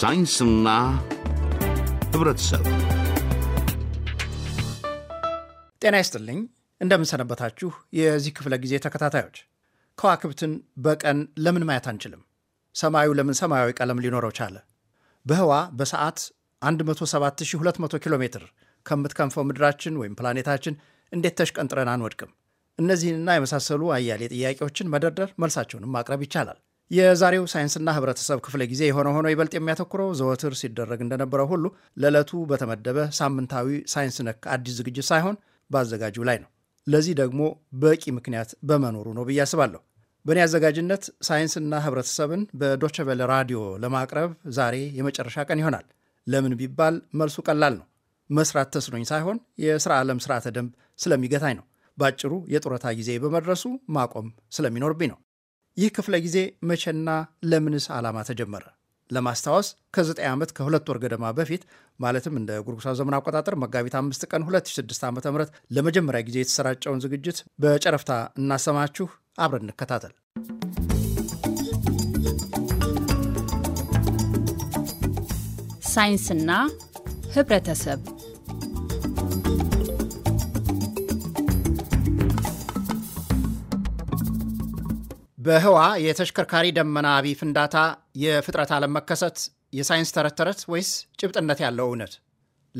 ሳይንስና ህብረተሰብ ጤና ይስጥልኝ። እንደምንሰነበታችሁ የዚህ ክፍለ ጊዜ ተከታታዮች። ከዋክብትን በቀን ለምን ማየት አንችልም? ሰማዩ ለምን ሰማያዊ ቀለም ሊኖረው ቻለ? በህዋ በሰዓት 17200 ኪሎ ሜትር ከምትከንፈው ምድራችን ወይም ፕላኔታችን እንዴት ተሽቀንጥረን አንወድቅም? እነዚህንና የመሳሰሉ አያሌ ጥያቄዎችን መደርደር መልሳቸውንም ማቅረብ ይቻላል። የዛሬው ሳይንስና ህብረተሰብ ክፍለ ጊዜ የሆነ ሆኖ ይበልጥ የሚያተኩረው ዘወትር ሲደረግ እንደነበረው ሁሉ ለዕለቱ በተመደበ ሳምንታዊ ሳይንስ ነክ አዲስ ዝግጅት ሳይሆን በአዘጋጁ ላይ ነው። ለዚህ ደግሞ በቂ ምክንያት በመኖሩ ነው ብዬ አስባለሁ። በእኔ አዘጋጅነት ሳይንስና ህብረተሰብን በዶቸቨለ ራዲዮ ለማቅረብ ዛሬ የመጨረሻ ቀን ይሆናል። ለምን ቢባል መልሱ ቀላል ነው። መስራት ተስኖኝ ሳይሆን የሥራ ዓለም ሥርዓተ ደንብ ስለሚገታኝ ነው። በአጭሩ የጡረታ ጊዜ በመድረሱ ማቆም ስለሚኖርብኝ ነው። ይህ ክፍለ ጊዜ መቼና ለምንስ ዓላማ ተጀመረ? ለማስታወስ ከ9 ዓመት ከሁለት ወር ገደማ በፊት ማለትም እንደ ጉርጉሳ ዘመን አቆጣጠር መጋቢት 5 ቀን 2006 ዓ ም ለመጀመሪያ ጊዜ የተሰራጨውን ዝግጅት በጨረፍታ እናሰማችሁ። አብረን እንከታተል። ሳይንስና ህብረተሰብ በህዋ የተሽከርካሪ ደመና አቢ ፍንዳታ የፍጥረት ዓለም መከሰት የሳይንስ ተረተረት ወይስ ጭብጥነት ያለው እውነት?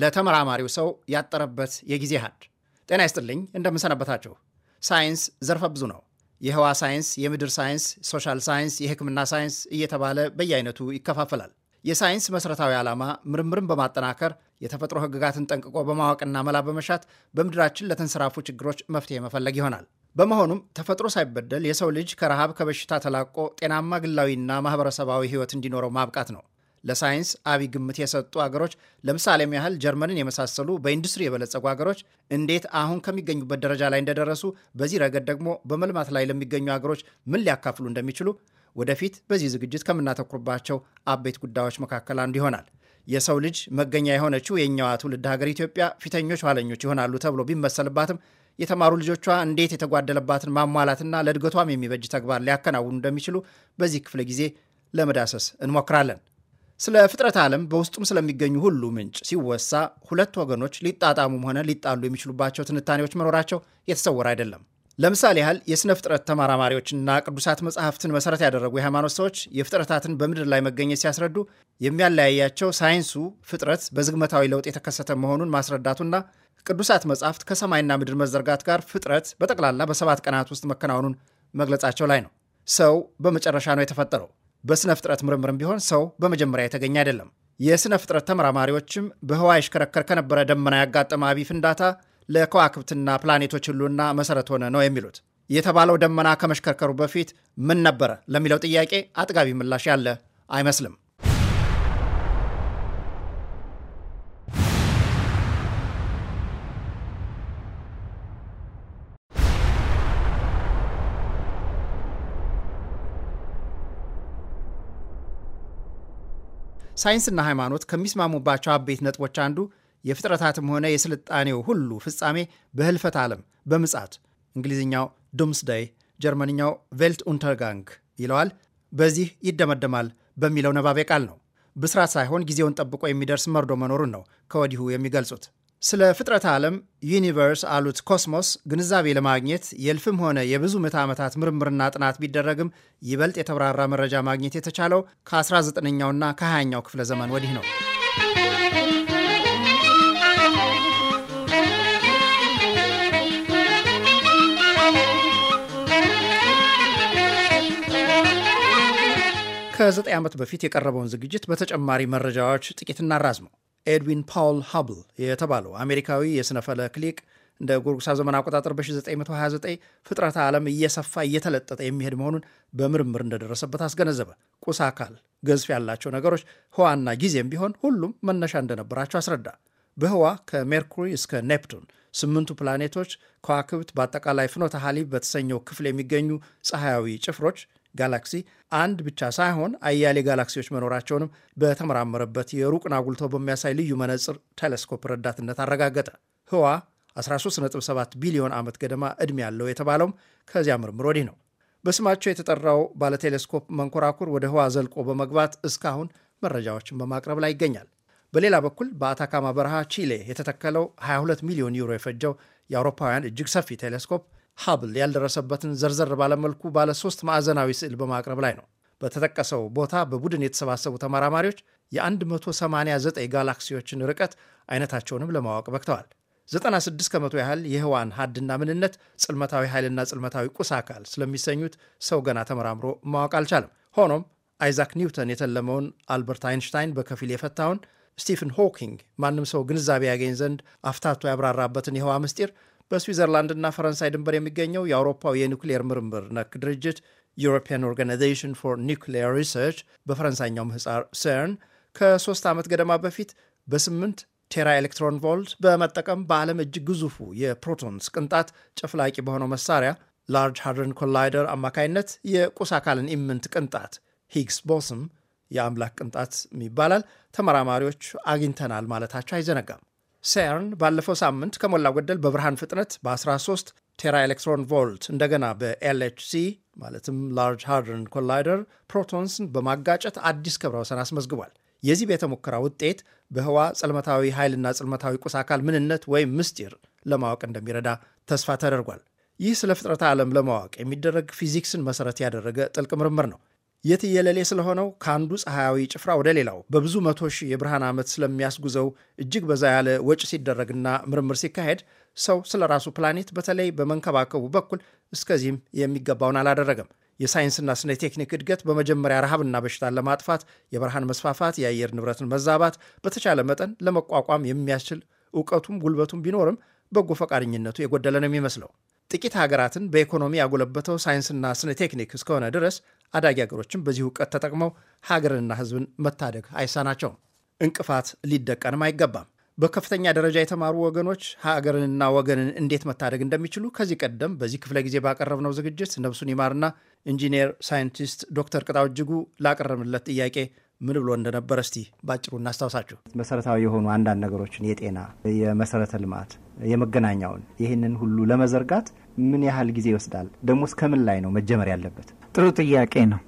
ለተመራማሪው ሰው ያጠረበት የጊዜ ሀድ። ጤና ይስጥልኝ፣ እንደምንሰነበታችሁ። ሳይንስ ዘርፈ ብዙ ነው። የህዋ ሳይንስ፣ የምድር ሳይንስ፣ ሶሻል ሳይንስ፣ የህክምና ሳይንስ እየተባለ በየአይነቱ ይከፋፈላል። የሳይንስ መሠረታዊ ዓላማ ምርምርን በማጠናከር የተፈጥሮ ህግጋትን ጠንቅቆ በማወቅና መላ በመሻት በምድራችን ለተንሰራፉ ችግሮች መፍትሄ መፈለግ ይሆናል። በመሆኑም ተፈጥሮ ሳይበደል የሰው ልጅ ከረሃብ ከበሽታ ተላቆ ጤናማ ግላዊና ማህበረሰባዊ ህይወት እንዲኖረው ማብቃት ነው። ለሳይንስ አቢ ግምት የሰጡ አገሮች ለምሳሌም ያህል ጀርመንን የመሳሰሉ በኢንዱስትሪ የበለጸጉ አገሮች እንዴት አሁን ከሚገኙበት ደረጃ ላይ እንደደረሱ፣ በዚህ ረገድ ደግሞ በመልማት ላይ ለሚገኙ አገሮች ምን ሊያካፍሉ እንደሚችሉ ወደፊት በዚህ ዝግጅት ከምናተኩርባቸው አበይት ጉዳዮች መካከል አንዱ ይሆናል። የሰው ልጅ መገኛ የሆነችው የእኛዋ ትውልድ ሀገር ኢትዮጵያ ፊተኞች ኋለኞች ይሆናሉ ተብሎ ቢመሰልባትም የተማሩ ልጆቿ እንዴት የተጓደለባትን ማሟላትና ለእድገቷም የሚበጅ ተግባር ሊያከናውኑ እንደሚችሉ በዚህ ክፍለ ጊዜ ለመዳሰስ እንሞክራለን። ስለ ፍጥረት ዓለም በውስጡም ስለሚገኙ ሁሉ ምንጭ ሲወሳ ሁለት ወገኖች ሊጣጣሙም ሆነ ሊጣሉ የሚችሉባቸው ትንታኔዎች መኖራቸው የተሰወረ አይደለም። ለምሳሌ ያህል የሥነ ፍጥረት ተመራማሪዎችና ቅዱሳት መጽሐፍትን መሠረት ያደረጉ የሃይማኖት ሰዎች የፍጥረታትን በምድር ላይ መገኘት ሲያስረዱ የሚያለያያቸው ሳይንሱ ፍጥረት በዝግመታዊ ለውጥ የተከሰተ መሆኑን ማስረዳቱና ቅዱሳት መጻሕፍት ከሰማይና ምድር መዘርጋት ጋር ፍጥረት በጠቅላላ በሰባት ቀናት ውስጥ መከናወኑን መግለጻቸው ላይ ነው። ሰው በመጨረሻ ነው የተፈጠረው። በሥነ ፍጥረት ምርምርም ቢሆን ሰው በመጀመሪያ የተገኘ አይደለም። የሥነ ፍጥረት ተመራማሪዎችም በህዋ ይሽከረከር ከነበረ ደመና ያጋጠመ አብይ ፍንዳታ ለከዋክብትና ፕላኔቶች ሁሉና መሰረት ሆነ ነው የሚሉት። የተባለው ደመና ከመሽከርከሩ በፊት ምን ነበረ ለሚለው ጥያቄ አጥጋቢ ምላሽ ያለ አይመስልም። ሳይንስና ሃይማኖት ከሚስማሙባቸው አበይት ነጥቦች አንዱ የፍጥረታትም ሆነ የስልጣኔው ሁሉ ፍጻሜ በህልፈት ዓለም በምጻት እንግሊዝኛው ዱምስዳይ፣ ጀርመንኛው ቬልት ኡንተርጋንግ ይለዋል በዚህ ይደመደማል በሚለው ነባቤ ቃል ነው። ብስራት ሳይሆን ጊዜውን ጠብቆ የሚደርስ መርዶ መኖሩን ነው ከወዲሁ የሚገልጹት። ስለ ፍጥረት ዓለም ዩኒቨርስ አሉት ኮስሞስ ግንዛቤ ለማግኘት የእልፍም ሆነ የብዙ ምዕተ ዓመታት ምርምርና ጥናት ቢደረግም ይበልጥ የተብራራ መረጃ ማግኘት የተቻለው ከ19ኛውና ከ20ኛው ክፍለ ዘመን ወዲህ ነው። ከ9 ዓመት በፊት የቀረበውን ዝግጅት በተጨማሪ መረጃዎች ጥቂት እናራዝመው። ኤድዊን ፓውል ሀብል የተባለው አሜሪካዊ የሥነ ፈለክ ሊቅ እንደ ጎርጎሳ ዘመን አቆጣጠር በ1929 ፍጥረት ዓለም እየሰፋ እየተለጠጠ የሚሄድ መሆኑን በምርምር እንደደረሰበት አስገነዘበ። ቁስ አካል፣ ገዝፍ ያላቸው ነገሮች ህዋና ጊዜም ቢሆን ሁሉም መነሻ እንደነበራቸው አስረዳ። በህዋ ከሜርኩሪ እስከ ኔፕቱን ስምንቱ ፕላኔቶች፣ ከዋክብት፣ በአጠቃላይ ፍኖተ ሐሊብ በተሰኘው ክፍል የሚገኙ ፀሐያዊ ጭፍሮች ጋላክሲ አንድ ብቻ ሳይሆን አያሌ ጋላክሲዎች መኖራቸውንም በተመራመረበት የሩቅን አጉልቶ በሚያሳይ ልዩ መነጽር ቴሌስኮፕ ረዳትነት አረጋገጠ። ህዋ 137 ቢሊዮን ዓመት ገደማ ዕድሜ ያለው የተባለውም ከዚያ ምርምር ወዲህ ነው። በስማቸው የተጠራው ባለቴሌስኮፕ መንኮራኩር ወደ ህዋ ዘልቆ በመግባት እስካሁን መረጃዎችን በማቅረብ ላይ ይገኛል። በሌላ በኩል በአታካማ በረሃ ቺሌ የተተከለው 22 ሚሊዮን ዩሮ የፈጀው የአውሮፓውያን እጅግ ሰፊ ቴሌስኮፕ ሀብል ያልደረሰበትን ዘርዘር ባለመልኩ ባለ ሶስት ማዕዘናዊ ስዕል በማቅረብ ላይ ነው። በተጠቀሰው ቦታ በቡድን የተሰባሰቡ ተመራማሪዎች የ189 ጋላክሲዎችን ርቀት አይነታቸውንም ለማወቅ በቅተዋል። 96 ከመቶ ያህል የህዋን ሀድና ምንነት ጽልመታዊ ኃይልና ጽልመታዊ ቁስ አካል ስለሚሰኙት ሰው ገና ተመራምሮ ማወቅ አልቻለም። ሆኖም አይዛክ ኒውተን የተለመውን፣ አልበርት አይንሽታይን በከፊል የፈታውን፣ ስቲፈን ሆኪንግ ማንም ሰው ግንዛቤ ያገኝ ዘንድ አፍታቶ ያብራራበትን የህዋ ምስጢር በስዊዘርላንድና ፈረንሳይ ድንበር የሚገኘው የአውሮፓው የኒውክሌር ምርምር ነክ ድርጅት ዩሮፒያን ኦርጋናይዜሽን ፎር ኒውክሌር ሪሰርች በፈረንሳይኛው ምህፃር ሰርን ከሶስት ዓመት ገደማ በፊት በስምንት ቴራ ኤሌክትሮን ቮልት በመጠቀም በዓለም እጅግ ግዙፉ የፕሮቶንስ ቅንጣት ጨፍላቂ በሆነው መሳሪያ ላርጅ ሃድረን ኮላይደር አማካይነት የቁስ አካልን ኢምንት ቅንጣት ሂግስ ቦስም የአምላክ ቅንጣት ይባላል ተመራማሪዎች አግኝተናል ማለታቸው አይዘነጋም። ሴርን ባለፈው ሳምንት ከሞላ ጎደል በብርሃን ፍጥነት በ13 ቴራ ኤሌክትሮን ቮልት እንደገና በኤልኤችሲ ማለትም ላርጅ ሃርድን ኮላይደር ፕሮቶንስን በማጋጨት አዲስ ክብረ ወሰን አስመዝግቧል። የዚህ ቤተ ሙከራ ውጤት በህዋ ጽልመታዊ ኃይልና ጽልመታዊ ቁስ አካል ምንነት ወይም ምስጢር ለማወቅ እንደሚረዳ ተስፋ ተደርጓል። ይህ ስለ ፍጥረት ዓለም ለማወቅ የሚደረግ ፊዚክስን መሠረት ያደረገ ጥልቅ ምርምር ነው። የትየለሌ ስለሆነው ከአንዱ ፀሐያዊ ጭፍራ ወደ ሌላው በብዙ መቶ ሺህ የብርሃን ዓመት ስለሚያስጉዘው እጅግ በዛ ያለ ወጪ ሲደረግና ምርምር ሲካሄድ ሰው ስለ ራሱ ፕላኔት በተለይ በመንከባከቡ በኩል እስከዚህም የሚገባውን አላደረገም። የሳይንስና ስነ ቴክኒክ እድገት በመጀመሪያ ረሃብና በሽታን ለማጥፋት፣ የብርሃን መስፋፋት፣ የአየር ንብረትን መዛባት በተቻለ መጠን ለመቋቋም የሚያስችል እውቀቱም ጉልበቱም ቢኖርም በጎ ፈቃደኝነቱ የጎደለ ነው የሚመስለው። ጥቂት ሀገራትን በኢኮኖሚ ያጎለበተው ሳይንስና ስነ ቴክኒክ እስከሆነ ድረስ አዳጊ ሀገሮችን በዚህ እውቀት ተጠቅመው ሀገርንና ህዝብን መታደግ አይሳናቸውም። እንቅፋት ሊደቀንም አይገባም። በከፍተኛ ደረጃ የተማሩ ወገኖች ሀገርንና ወገንን እንዴት መታደግ እንደሚችሉ ከዚህ ቀደም በዚህ ክፍለ ጊዜ ባቀረብነው ዝግጅት ነብሱን ይማርና ኢንጂነር ሳይንቲስት ዶክተር ቅጣው እጅጉ ላቀረብንለት ጥያቄ ምን ብሎ እንደነበር እስቲ ባጭሩ እናስታውሳችሁ። መሰረታዊ የሆኑ አንዳንድ ነገሮችን የጤና፣ የመሰረተ ልማት፣ የመገናኛውን ይህንን ሁሉ ለመዘርጋት ምን ያህል ጊዜ ይወስዳል? ደግሞ እስከምን ላይ ነው መጀመር ያለበት? ጥሩ ጥያቄ ነው።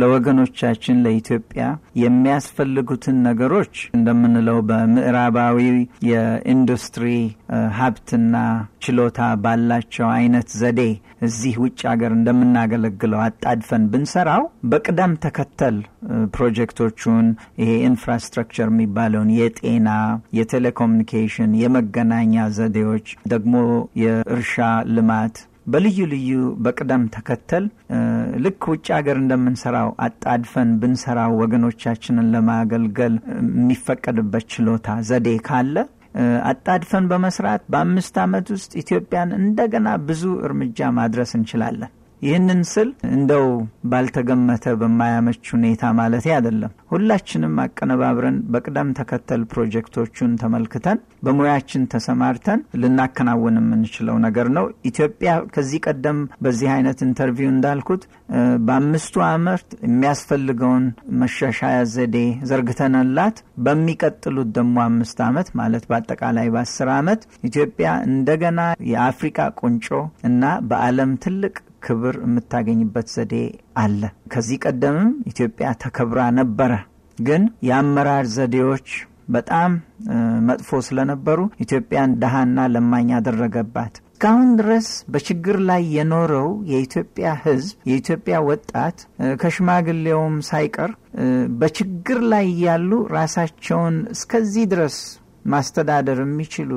ለወገኖቻችን ለኢትዮጵያ የሚያስፈልጉትን ነገሮች እንደምንለው በምዕራባዊ የኢንዱስትሪ ሀብትና ችሎታ ባላቸው አይነት ዘዴ እዚህ ውጭ ሀገር እንደምናገለግለው አጣድፈን ብንሰራው በቅደም ተከተል ፕሮጀክቶቹን ይሄ ኢንፍራስትራክቸር የሚባለውን የጤና፣ የቴሌኮሙኒኬሽን፣ የመገናኛ ዘዴዎች ደግሞ የእርሻ ልማት በልዩ ልዩ በቅደም ተከተል ልክ ውጭ ሀገር እንደምንሰራው አጣድፈን ብንሰራው ወገኖቻችንን ለማገልገል የሚፈቀድበት ችሎታ ዘዴ ካለ አጣድፈን በመስራት በአምስት ዓመት ውስጥ ኢትዮጵያን እንደገና ብዙ እርምጃ ማድረስ እንችላለን። ይህንን ስል እንደው ባልተገመተ በማያመች ሁኔታ ማለት አይደለም። ሁላችንም አቀነባብረን በቅደም ተከተል ፕሮጀክቶቹን ተመልክተን በሙያችን ተሰማርተን ልናከናውን የምንችለው ነገር ነው። ኢትዮጵያ ከዚህ ቀደም በዚህ አይነት ኢንተርቪው እንዳልኩት በአምስቱ አመት የሚያስፈልገውን መሻሻያ ዘዴ ዘርግተንላት በሚቀጥሉት ደግሞ አምስት አመት ማለት በአጠቃላይ በአስር አመት ኢትዮጵያ እንደገና የአፍሪካ ቁንጮ እና በዓለም ትልቅ ክብር የምታገኝበት ዘዴ አለ። ከዚህ ቀደምም ኢትዮጵያ ተከብራ ነበረ። ግን የአመራር ዘዴዎች በጣም መጥፎ ስለነበሩ ኢትዮጵያን ደሃና ለማኝ አደረገባት። እስካሁን ድረስ በችግር ላይ የኖረው የኢትዮጵያ ሕዝብ የኢትዮጵያ ወጣት ከሽማግሌውም ሳይቀር በችግር ላይ ያሉ ራሳቸውን እስከዚህ ድረስ ማስተዳደር የሚችሉ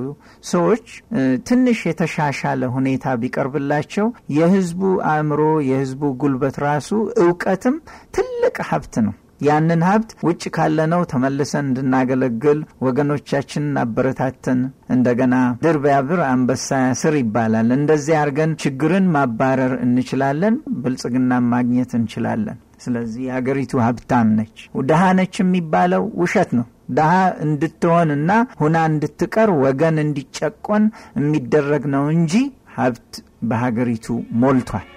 ሰዎች ትንሽ የተሻሻለ ሁኔታ ቢቀርብላቸው የህዝቡ አእምሮ፣ የህዝቡ ጉልበት ራሱ እውቀትም ትልቅ ሀብት ነው። ያንን ሀብት ውጭ ካለነው ተመልሰን እንድናገለግል ወገኖቻችንን አበረታተን እንደገና ድር ቢያብር አንበሳ ስር ይባላል። እንደዚህ አድርገን ችግርን ማባረር እንችላለን፣ ብልጽግና ማግኘት እንችላለን። ስለዚህ የሀገሪቱ ሀብታም ነች። ድሃ ነች የሚባለው ውሸት ነው። ድሀ እንድትሆንና ሁና እንድትቀር ወገን እንዲጨቆን የሚደረግ ነው እንጂ ሀብት በሀገሪቱ ሞልቷል።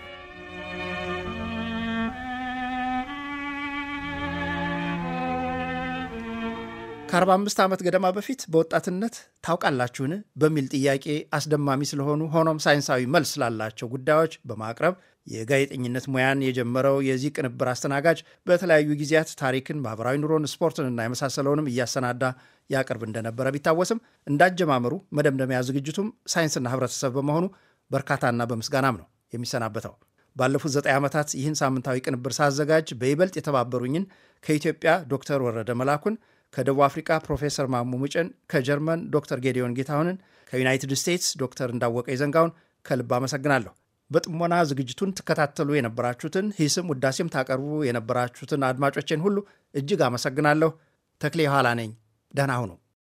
ከ45 ዓመት ገደማ በፊት በወጣትነት ታውቃላችሁን በሚል ጥያቄ አስደማሚ ስለሆኑ ሆኖም ሳይንሳዊ መልስ ስላላቸው ጉዳዮች በማቅረብ የጋዜጠኝነት ሙያን የጀመረው የዚህ ቅንብር አስተናጋጅ በተለያዩ ጊዜያት ታሪክን፣ ማህበራዊ ኑሮን፣ ስፖርትንና የመሳሰለውንም እያሰናዳ ያቀርብ እንደነበረ ቢታወስም እንዳጀማመሩ መደምደሚያ ዝግጅቱም ሳይንስና ህብረተሰብ በመሆኑ በርካታና በምስጋናም ነው የሚሰናበተው። ባለፉት ዘጠኝ ዓመታት ይህን ሳምንታዊ ቅንብር ሳዘጋጅ በይበልጥ የተባበሩኝን ከኢትዮጵያ ዶክተር ወረደ መላኩን ከደቡብ አፍሪካ ፕሮፌሰር ማሙ ሙጭን፣ ከጀርመን ዶክተር ጌዲዮን ጌታሁንን፣ ከዩናይትድ ስቴትስ ዶክተር እንዳወቀ ይዘንጋውን ከልብ አመሰግናለሁ። በጥሞና ዝግጅቱን ትከታተሉ የነበራችሁትን ሂስም ውዳሴም ታቀርቡ የነበራችሁትን አድማጮቼን ሁሉ እጅግ አመሰግናለሁ። ተክሌ ኋላ ነኝ። ደህና ሁኑ።